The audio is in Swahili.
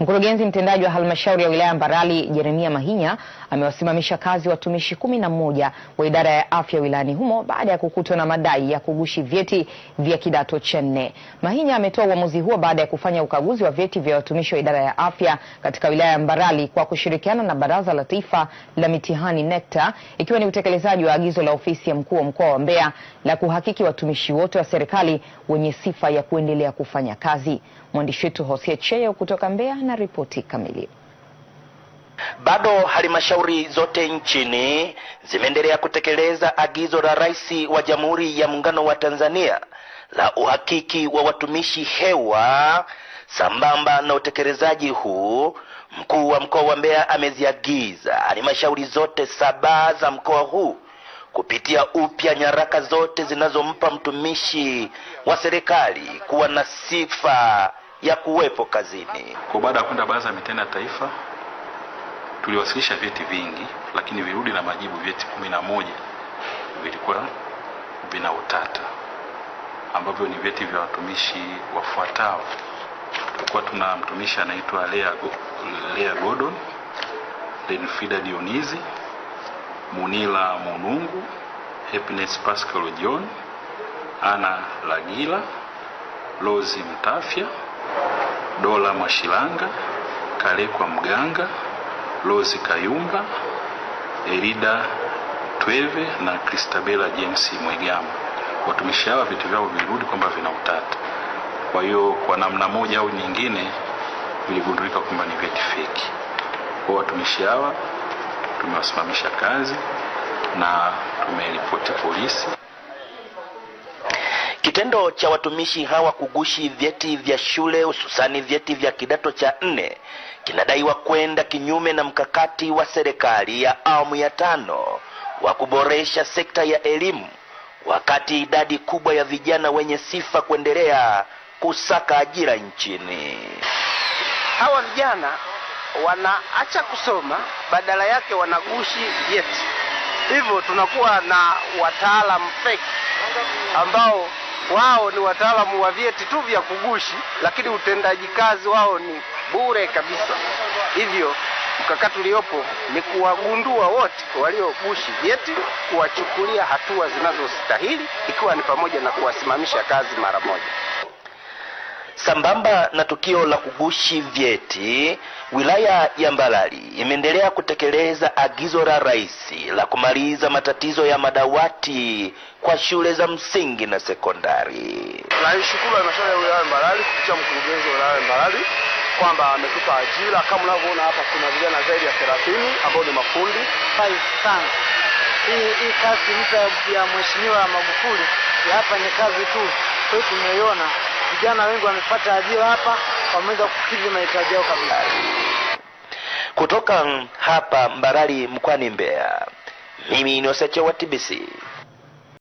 Mkurugenzi mtendaji wa halmashauri ya wilaya Mbarali Jeremia Mahinya amewasimamisha kazi watumishi kumi na mmoja wa idara ya afya wilayani humo baada ya kukutwa na madai ya kugushi vyeti vya kidato cha nne. Mahinya ametoa uamuzi huo baada ya kufanya ukaguzi wa vyeti vya watumishi wa idara ya afya katika wilaya ya Mbarali kwa kushirikiana na Baraza la Taifa la Mitihani NECTA, ikiwa ni utekelezaji wa agizo la ofisi ya mkuu wa mkoa wa Mbeya la kuhakiki watumishi wote wa serikali wenye sifa ya kuendelea kufanya kazi. Mwandishi wetu Hosea Cheyo kutoka Mbeya na ripoti kamili. Bado halmashauri zote nchini zimeendelea kutekeleza agizo la Rais wa Jamhuri ya Muungano wa Tanzania la uhakiki wa watumishi hewa. Sambamba na utekelezaji huu, mkuu wa mkoa wa Mbeya ameziagiza halmashauri zote saba za mkoa huu kupitia upya nyaraka zote zinazompa mtumishi wa serikali kuwa na sifa ya kuwepo kazini. Kwa baada ya kwenda baraza ya mitihani ya taifa tuliwasilisha vyeti vingi, lakini virudi na majibu vyeti kumi na moja vilikuwa vina utata, ambavyo ni vyeti vya watumishi wafuatao. Tulikuwa tuna mtumishi anaitwa Lea, Lea Gordon, denfida Dionizi, Munila Munungu, Happiness Pascal John, Ana Lagila, Lozi Mtafya Dola Mwashilanga, Kalekwa Mganga, Lozi Kayumba, Elida Tweve na Kristabela James Mwegama. Watumishi hawa vitu vyao vilirudi kwamba vina utata, kwa hiyo kwa namna moja au nyingine viligundulika kwamba ni vyeti feki. Kwa watumishi hawa tumewasimamisha kazi na tumeripoti polisi. Kitendo cha watumishi hawa kugushi vyeti vya shule hususani vyeti vya kidato cha nne kinadaiwa kwenda kinyume na mkakati wa serikali ya awamu ya tano wa kuboresha sekta ya elimu, wakati idadi kubwa ya vijana wenye sifa kuendelea kusaka ajira nchini. Hawa vijana wanaacha kusoma, badala yake wanagushi vyeti, hivyo tunakuwa na wataalam feki ambao wao ni wataalamu wa vyeti tu vya kugushi, lakini utendaji kazi wao ni bure kabisa. Hivyo mkakati uliopo ni kuwagundua wote waliogushi vyeti, kuwachukulia hatua zinazostahili, ikiwa ni pamoja na kuwasimamisha kazi mara moja. Sambamba na tukio la kugushi vyeti, wilaya ya Mbalali imeendelea kutekeleza agizo la rais la kumaliza matatizo ya madawati kwa shule za msingi na sekondari. Naishukuru halmashauri ya wilaya ya Mbalali kupitia mkurugenzi wa wilaya ya Mbalali kwamba ametupa ajira. Kama unavyoona hapa, kuna vijana zaidi ya 30 ambao ni mafundi sana. Hii hii kazi mpya ya mheshimiwa Magufuli hapa ni kazi tu, kwa hiyo tumeiona vijana wengi wamepata ajira hapa, wameweza kukidhi mahitaji yao kabisa. Kutoka hapa Mbarali mkoani Mbeya, mimi ni Oseche wa TBC.